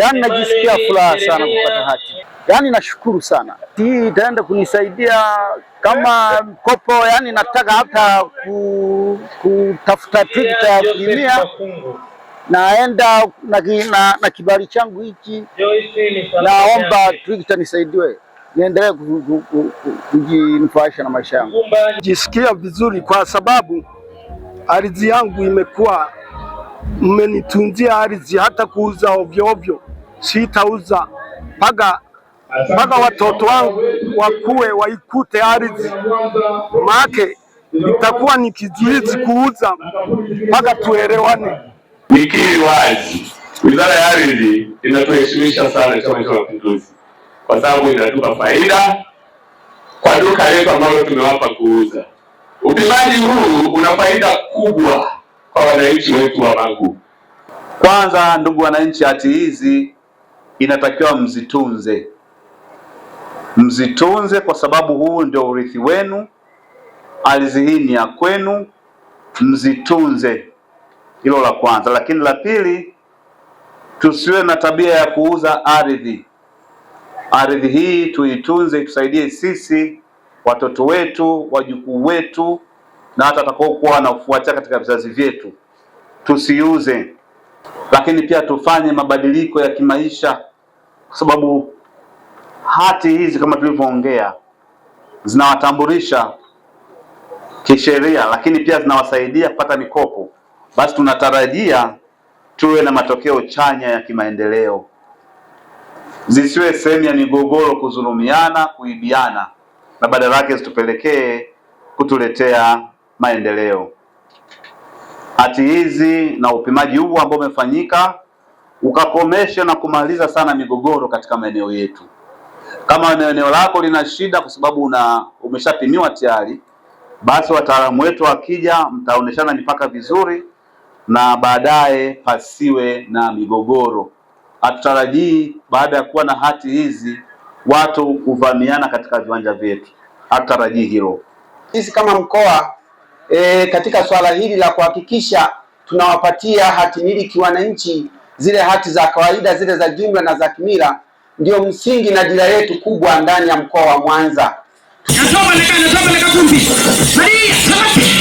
Yaani najisikia furaha sana kupata hati, yaani nashukuru sana. Hii itaenda kunisaidia kama mkopo, yaani nataka hata kutafuta trekta ya kulimia naenda na, na, na kibali changu hiki naomba trekta nisaidiwe niendelee kujinufaisha na maisha yangu. Jisikia vizuri kwa sababu ardhi yangu imekuwa mmenitunzia ardhi hata kuuza ovyo ovyo, sitauza mpaka mpaka watoto wangu wakuwe waikute ardhi make itakuwa ni kizuizi kuuza mpaka tuelewane. Nikiri wazi, wizara ya ardhi inatuheshimisha sana Chama cha Mapinduzi kwa sababu inatupa faida kwa duka letu ambalo tumewapa kuuza. Upimaji huu una faida kubwa kwa wananchi wetu wa Magu. Kwanza ndugu wananchi, hati hizi inatakiwa mzitunze, mzitunze kwa sababu huu ndio urithi wenu, ardhi hii ni ya kwenu, mzitunze. Hilo la kwanza, lakini la pili, tusiwe na tabia ya kuuza ardhi. Ardhi hii tuitunze, itusaidie sisi, watoto wetu, wajukuu wetu na hata atakaokuwa wanafuatia katika vizazi vyetu tusiuze, lakini pia tufanye mabadiliko ya kimaisha, kwa sababu hati hizi kama tulivyoongea zinawatambulisha kisheria, lakini pia zinawasaidia kupata mikopo. Basi tunatarajia tuwe na matokeo chanya ya kimaendeleo, zisiwe sehemu ya migogoro, kuzulumiana, kuibiana, na badala yake zitupelekee kutuletea maendeleo. Hati hizi na upimaji huu ambao umefanyika ukakomesha na kumaliza sana migogoro katika maeneo yetu. Kama eneo lako lina shida kwa sababu una umeshapimiwa tayari, basi wataalamu wetu wakija, mtaoneshana mipaka vizuri na baadaye pasiwe na migogoro. Hatutarajii baada ya kuwa na hati hizi watu kuvamiana katika viwanja vyetu, hatutarajii hilo. Sisi kama mkoa e, katika swala hili la kuhakikisha tunawapatia hati miliki wananchi zile hati za kawaida zile za jumla na za kimila, ndio msingi na dira yetu kubwa ndani ya mkoa wa Mwanza.